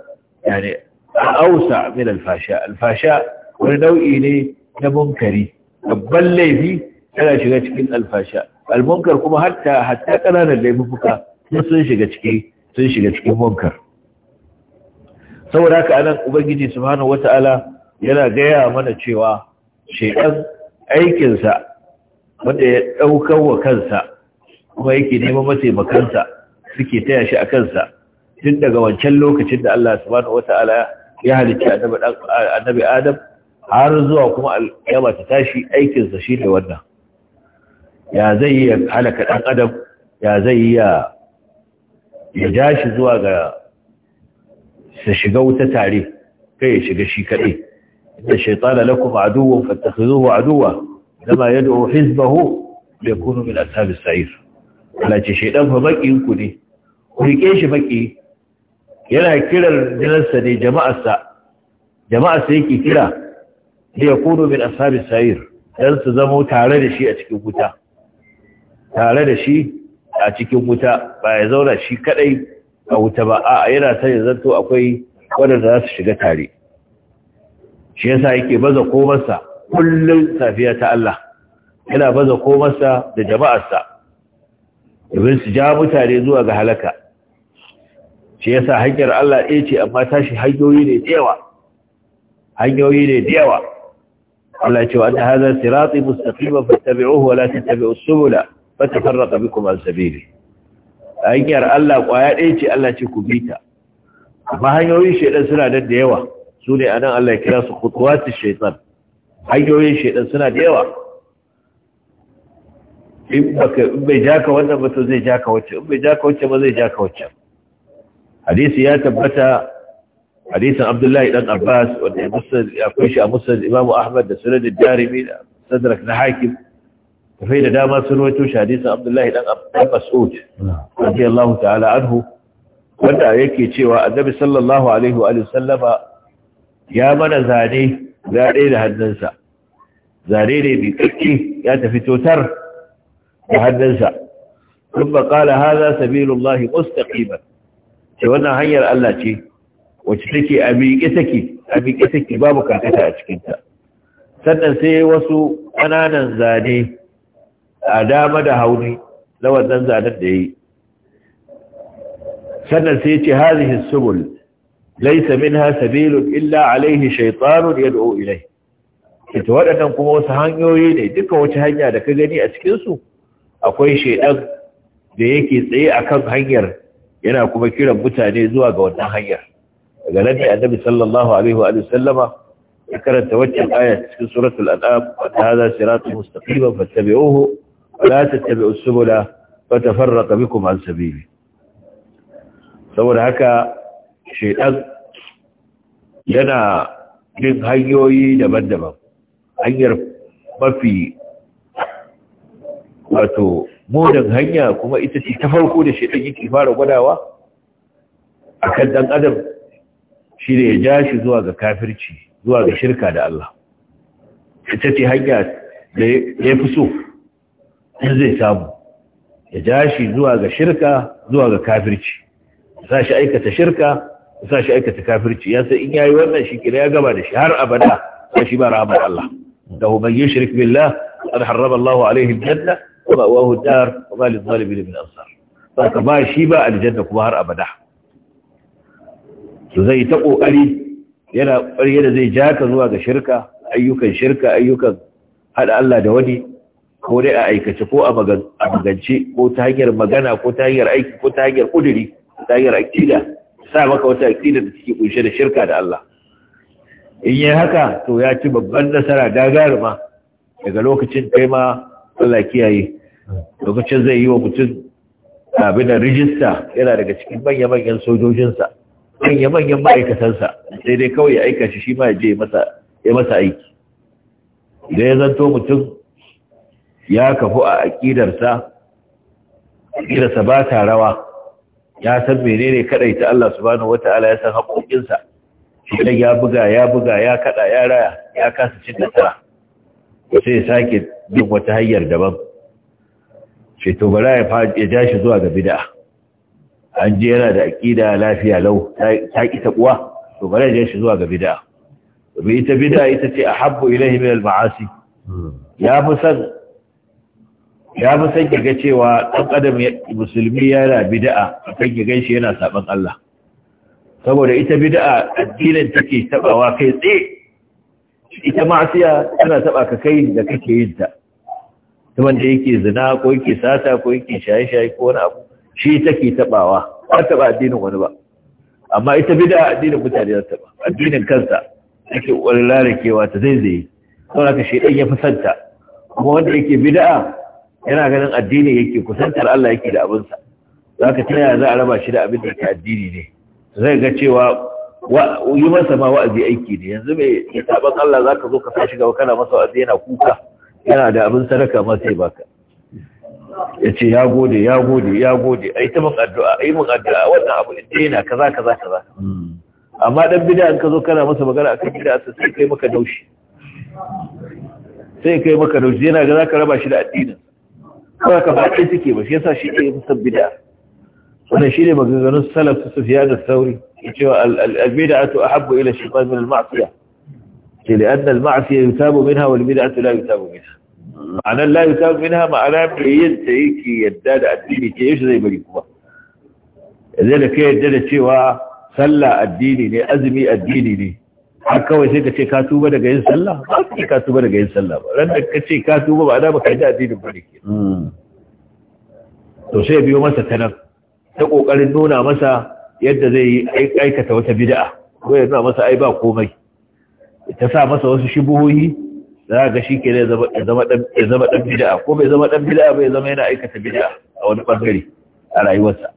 يعني اوسع من الفاشاء الفاشاء ونوئي لي نمنكري بل لي فيه انا شغيت كل الفاشاء المنكر كما حتى حتى كان انا اللي مفكا نصنشي قتكي تنشي قتكي منكر saboda haka anan ubangiji subhanahu wata'ala yana gaya mana cewa shekan aikinsa wanda ya ɗaukar wa kansa kuma yake neman mataimakansa suke taya shi a kansa tun daga wancan lokacin da Allah subhanahu wata'ala ya halicci annabi adam har zuwa kuma alƙiyama ta tashi aikinsa shi ne wannan ya zai yi halaka ɗan adam ya zai yi ya ja shi zuwa ga su shiga wuta tare kai ya shiga shi kaɗai inda shaitana lakum aduwwan fattakhizuhu aduwa lama yad'u hizbahu yakunu min ashabis sa'ir Allah ce shaitan fa baki ku ne ku rike shi baki yana kiran jinansa ne jama'arsa jama'arsa yake kira kunu min ashabis sa'ir dan su zama tare da shi a cikin wuta tare da shi a cikin wuta ba ya zauna shi kadai a wuta ba a yana son zanto akwai waɗanda za su shiga tare shi yasa yake baza komarsa kullum safiya ta Allah yana baza komarsa da jama'arsa domin su ja mutane zuwa ga halaka shi yasa hanyar Allah ɗaya ce amma tashi hanyoyi ne da yawa hanyoyi ne da yawa Allah ya ce wa hadha sirati mustaqima fattabi'uhu wa la tattabi'us subula fatafarraqu bikum an sabili hanyar Allah kwaya ɗaya ce Allah ce ku bi ta amma hanyoyin shaidan suna da yawa su ne a nan Allah ya kira su kutuwatu shaitan hanyoyin shaidan suna da yawa in bai ja ka wannan ba to zai ka wacce in bai ja ka wacce ba zai ja ka wacce hadisi ya tabbata hadisin Abdullahi dan Abbas wanda ya akwai shi a Musnad Imam Ahmad da Sunan jarimi da Sadrak na Hakim tafai da dama sun rawaito shi hadisin Abdullahi dan Mas'ud radiyallahu ta'ala anhu wanda yake cewa Annabi sallallahu alaihi wa sallama ya mana zane zane da hannunsa zane ne bi kakki ya tafi totar da hannunsa kuma qala hadha sabilullahi mustaqiman ce wannan hanyar Allah ce wacce take a miƙe take a miƙe take babu karkata a cikinta sannan sai wasu ƙananan zane a dama da hauni na wannan zanen da ya yi sannan sai ce hazihin subul laisa min ha sabilun illa alaihi shaitanun yad'u ilai ita waɗannan kuma wasu hanyoyi ne duka wata hanya da ka gani a cikinsu akwai shaidan da yake tsaye a kan hanyar yana kuma kiran mutane zuwa ga wannan hanyar daga nan ne annabi sallallahu alaihi wa sallama ya karanta waccan aya cikin suratul an'am wa hadha siratun mustaqiman fattabi'uhu la tattabi'u subula fatafarraqa bikum an sabili saboda haka shedan yana bin hanyoyi daban-daban hanyar mafi wato mudan hanya kuma ita ce ta farko da shedan yake fara gwadawa akan dan adam shi ne ya ja shi zuwa ga kafirci zuwa ga shirka da Allah ita ce hanya da ya fi so in zai samu ya ja shi zuwa ga shirka zuwa ga kafirci sa shi aikata shirka sa shi aikata kafirci ya sai in yayi wannan shi kira ya gaba da shi har abada ba shi ba rahmar Allah da hu bayyin shirk billah qad harrama Allah alaihi aljanna wa ma'wahu dar wa ma lizalimin min ansar saka ba shi ba aljanna kuma har abada to zai ta kokari yana kokari da zai ja ka zuwa ga shirka ayyukan shirka ayyukan hada Allah da wani ko dai a aikace ko a magance ko ta hanyar magana ko ta hanyar aiki ko ta hanyar kuduri ta hanyar akida sa maka wata akida da take kunshe da shirka da Allah in yi haka to ya ci babban nasara gagarima daga lokacin kai ma Allah kiyaye lokacin zai yi wa mutum abin da rijista yana daga cikin manya-manyan sojojinsa manya-manyan ma'aikatansa sai dai kawai ya aika shi shi ma ya je ya masa aiki idan ya zanto mutum ya kafu a aƙidarsa aƙidarsa ba ta rawa ya san menene kadai ta Allah subhanahu wata'ala ya san haƙoƙinsa shi ya buga ya buga ya kada ya raya ya kasa cin nasara sai ya sake bin wata hanyar daban ce to bara ya ja shi zuwa ga bid'a an je yana da aqida lafiya lau ta ki ta kuwa to bara ya ja shi zuwa ga bid'a domin ita bid'a ita ce ahabbu ilayhi min al-ma'asi hmm. ya fi san ya fi san kiga cewa ɗan adam musulmi ya yana a kan kiga shi yana saɓan Allah saboda ita bida'a addinin take taɓawa kai tsaye ita ma'asiya tana taɓa ka kai da kake yin ta ta wanda yake zina ko yake sata ko yake shaye-shaye ko wani abu shi take taɓawa ba ba addinin wani ba amma ita bida'a addinin mutane za ta ba addinin kansa ake ƙwarin kewa ta zaizaye saboda ka shi ɗan ya fi santa kuma wanda yake bida'a yana ganin addini yake kusantar Allah yake da abinsa za ka tana za a raba shi da abin da ke addini ne zai ga cewa yi masa ma wa'azi aiki ne yanzu mai ya taɓa Allah za ka zo ka sashi gaba kana masa wa'azi yana kuka yana da abin sadaka ma sai baka ya ce ya gode ya gode ya gode ai ta min addu'a yi mun addu'a wannan abu ne yana kaza kaza kaza amma dan bid'a an ka zo kana masa magana akan bid'a sai kai maka daushi sai kai maka daushi yana ga za ka raba shi da addinin kawai ka baƙi suke ba shi yasa shi ne musan bida wannan shi ne maganganun salaf su fiya da sauri ya cewa a habbo ila shaitan min al-ma'siya ce da anna al-ma'siya yutabu minha wal bid'atu la yutabu minha ma'ana la yutabu minha ma'ana me yadda yake yadda da addini ce yaushe zai bari kuma yanzu da kai yadda da cewa sallah addini ne azumi addini ne har kawai sai ka ce ka tuba daga yin sallah ba ka ka tuba daga yin sallah ba ran da ka ce ka tuba ba da baka ji addinin ba ne hmm. to sai biyo masa ta nan ta kokarin nuna masa yadda zai aikata wata bid'a ko ya nuna masa ai ba komai ta sa masa wasu shubuhohi za ga shi ke ya zama dan bid'a ko bai zama dan bid'a bai zama yana aikata bid'a a wani bangare a rayuwarsa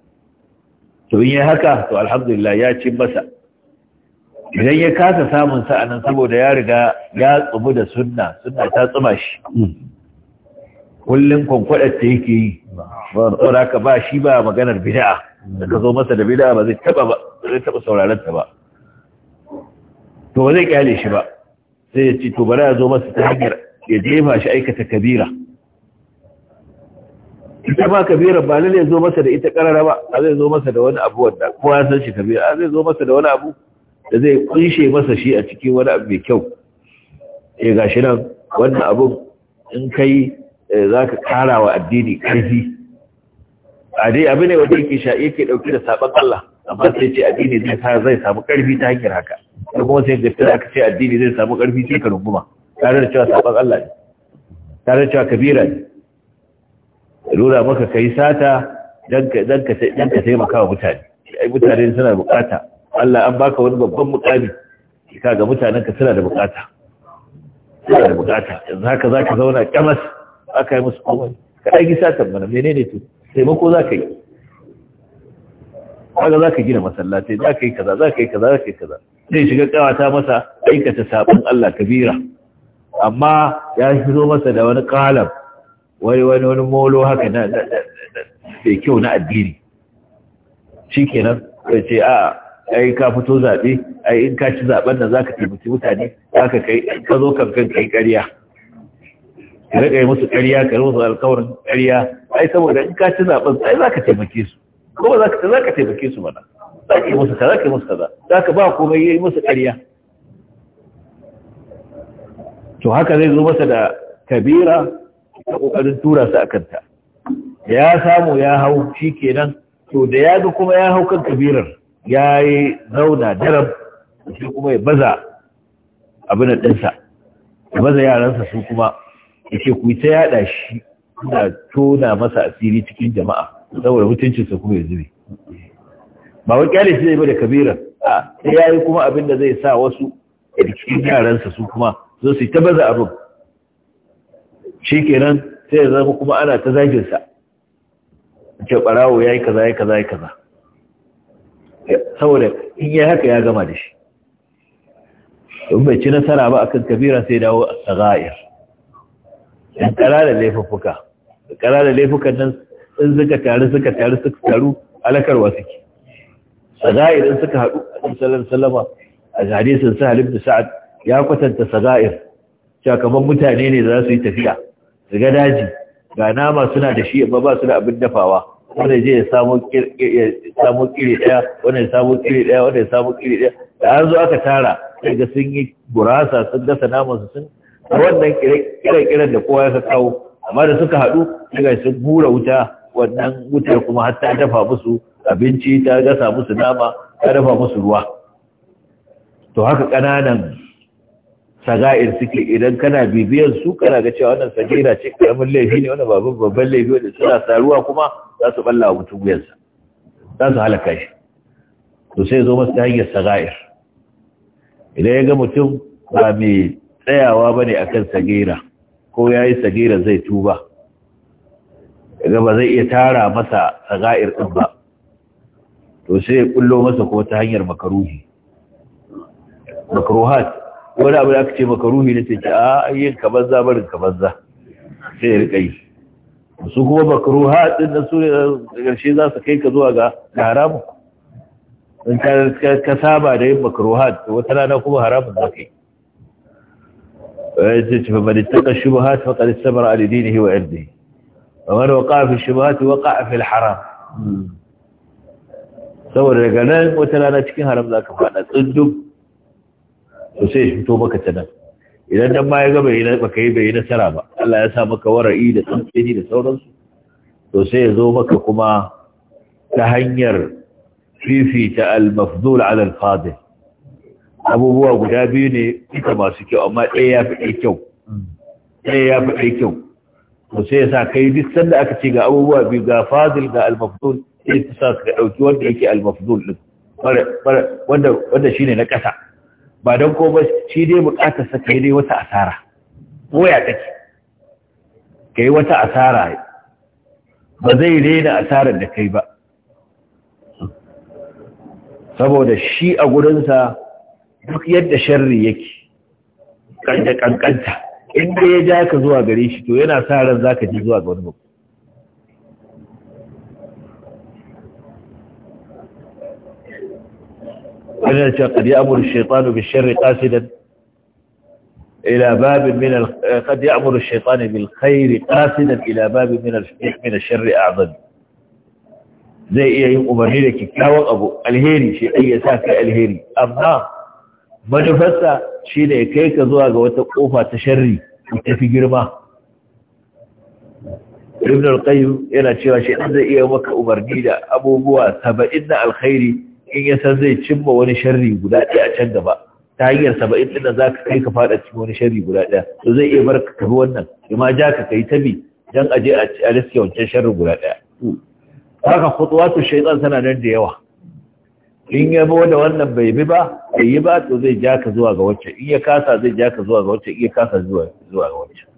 to in yi haka to alhamdulillah ya ci masa idan ya kasa samun sa'anan saboda ya riga ya tsubu da sunna sunna ta tsuma shi kullum kwankwadar ta yake yi ba ka ba shi ba maganar bida'a da ka zo masa da bida'a ba zai taba sauraron ta ba to ba zai kyale shi ba sai ya ce to bari ya zo masa ta hanyar ya jefa shi aikata kabira ita ba kabira ba lalle zo masa da ita karara ba A zai zo masa da wani abu wanda kowa san shi kabira A zai zo masa da wani abu da zai kunshe masa shi a cikin wani abu mai kyau eh gashi nan wannan abun in kai eh, za ka kara wa addini karfi a dai abu ne wanda yake sha yake ɗauki da sabon Allah amma sai ce addini zai zai samu karfi ta hanyar haka har kuma sai da aka ce addini zai samu karfi sai ka runguma tare da cewa sabon Allah ne tare da cewa kabira ne rura maka kai sata dan ka dan ka taimaka wa mutane ai mutane suna bukata Allah an baka wani babban mukami ka ga mutanen ka suna da bukata suna da bukata yanzu haka za ka zauna kyamas aka yi musu komai ka ɗagi satan mana menene to taimako za ka yi kaga za ka gina masallatai za ka yi kaza za ka yi kaza za ka yi kaza zai shiga kawata masa aikata sabon Allah kabira amma ya shigo masa da wani kalam wani wani wani molo haka na da kyau na addini shi kenan ce a ai ka fito zaɓe ai in ka ci zaɓen nan za ka taimaki mutane za ka kai ka zo kankan kai ƙarya ka riƙa yi musu ƙarya ka musu alkawarin ƙarya ai saboda in ka ci zaɓen ai za ka taimake su ko ba za ka taimake su mana za ka yi musu kaza ka yi musu kaza za ka ba komai yi musu ƙarya to haka zai zo masa da kabira ta ƙoƙarin tura su a kanta ya samu ya hau shi kenan to da ya ga kuma ya hau kan kabirar ya yi zauna darab shi kuma ya baza abin ɗinsa ya baza yaransa su kuma ya ce ku ta yada shi kuna tona masa asiri cikin jama'a saboda mutuncinsa kuma ya zube ba wani kyale shi zai bada da kabira a sai ya yi kuma abin da zai sa wasu da cikin yaransa su kuma zo su ta baza abin shi kenan sai ya zama kuma ana ta zaginsa ce ɓarawo ya yi kaza ya kaza ya kaza saboda in yi haka ya gama da shi in bai ci nasara ba a kan kabira sai dawo a tsagayar in ƙananan laifuffuka ƙananan laifukan nan in suka taru suka taru suka taru alakarwa suke tsagayar in suka haɗu a sallar salama a sa halib da sa'ad ya kwatanta tsagayar kamar mutane ne da za su yi tafiya su ga daji ga nama suna da shi amma ba su da abin dafawa wanda ya je ya samu kiri daya wanda ya samu kiri daya wanda ya samu kiri daya da an zo aka tara daga sun yi gurasa sun gasa namansu sun a wannan kire-kiren da kowa ya kawo amma da suka haɗu daga sun hura wuta wannan wutar kuma har ta dafa musu abinci ta gasa musu nama ta dafa musu ruwa to haka ƙananan saga'ir suke idan kana bibiyar su kana ga cewa wannan sagira ce karamin laifi ne wannan babban babban laifi wanda suna saruwa kuma za su balla wa mutum wuyansa za su halaka shi to sai zo masa hanyar saga'ir idan ya ga mutum ba mai tsayawa ba ne akan sagira ko ya yi sagira zai tuba ya ba zai iya tara masa saga'ir ɗin ba to sai ya kullo masa ko ta hanyar makaruhi makaruhat wani abu da aka ce maka ruhi ne sai ce a ah, yin ka banza barin ka banza sai ya rika yi su kuma makruha din da su ne karshe eh, za su kai ka zuwa ga haramu in ka saba da yin makruha wata rana kuma haramun za ka yi فمن ne. الشبهات فقد استبرأ لدينه وعرضه ومن وقع في الشبهات وقع في haram. Hmm. saboda daga nan wata rana cikin haram za ka faɗa tsundum to sai ya fito maka ta idan dan ma ya ga bai baka yi bai nasara ba Allah ya sa maka wara'i da tsantsini da sauransu to sai ya zo maka kuma ta hanyar fifita al-mafdul ala al-fadil abubuwa guda biyu ne ita masu kyau amma ɗaya ya fi ɗaya kyau ɗaya ya fi ɗaya kyau to sai ya sa kai duk sanda aka ce ga abubuwa biyu ga fadil ga al-mafdul sai ta sa ka ɗauki wanda yake al-mafdul din wanda wanda shine na ƙasa ba don ko ba shi dai bukatar sa kai dai wata asara koya take kai wata asara ba zai rena asarar da kai ba saboda shi a gurinsa duk yadda sharri yake da kankanta inda ya ja ka zuwa gare shi to yana sa ran zaka ji zuwa ga wani babu وإنك قد يأمر الشيطان بالشر قاسدا إلى باب من ال... قد يأمر الشيطان بالخير قاسدا إلى باب من الشيخ من الشر أعظم زي إيه أمر هيري كتاوان أبو الهيري شيء أي ساكي الهيري أم نا منفسة شيء لكيك زواج وتقوفة تشري وتفي جرما ابن القيم إلى شيء شيء زي إيه وك أمر هيري أبو بوا سبا الخيري in ya san zai cimma wani sharri guda ɗaya a can gaba ta hanyar saba'in ɗin da za ka kai ka faɗa cikin wani sharri guda ɗaya to zai iya bar ka tafi wannan ima ja ka kai ta bi don a je a riske wancan sharri guda ɗaya haka to shaitan tana nan da yawa in ya bi wanda wannan bai bi ba bai yi ba to zai ja ka zuwa ga wacce in ya kasa zai ja ka zuwa ga wacce in ya kasa zuwa ga wacce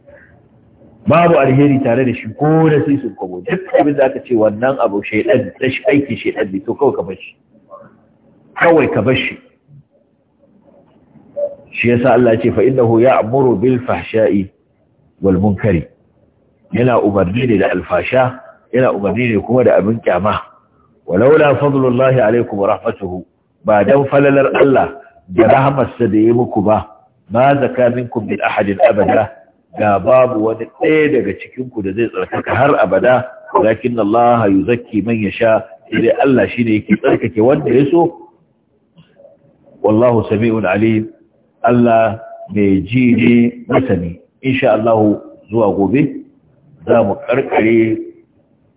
babu alheri tare da shi ko da sai su kwabo duk abin da aka ce wannan abu shaidan da shi aiki shaidan ne to kawai ka bar shi kawai ka bar shi shi yasa Allah ce fa innahu ya'muru bil fahsha'i wal munkari yana umarni ne da alfasha yana umarni ne kuma da abin kyama walaula fadlullahi alaikum wa rahmatuhu ba dan falalar Allah da rahmarsa da yi muku ba ma zaka minkum min ahadin abada ga babu wani ɗaya daga cikin ku da zai tsarkaka har abada lakin Allah yuzakki man yasha sai Allah shine yake tsarkake wanda ya so wallahu sami'un alim Allah mai ji ne masani insha Allah zuwa gobe za mu karkare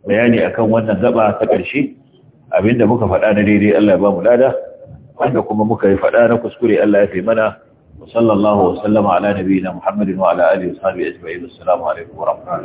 bayani akan wannan gaba ta ƙarshe abinda muka faɗa na daidai Allah ya ba mu lada wanda kuma muka yi faɗa na kuskure Allah ya fi mana وصلى الله وسلم على نبينا محمد وعلى آله وصحبه أجمعين والسلام عليكم ورحمة الله